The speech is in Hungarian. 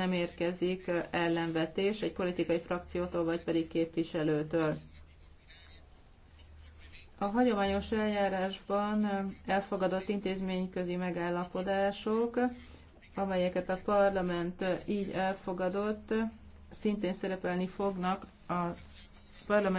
nem érkezik ellenvetés egy politikai frakciótól vagy pedig képviselőtől. A hagyományos eljárásban elfogadott intézményközi megállapodások, amelyeket a parlament így elfogadott, szintén szerepelni fognak a parlament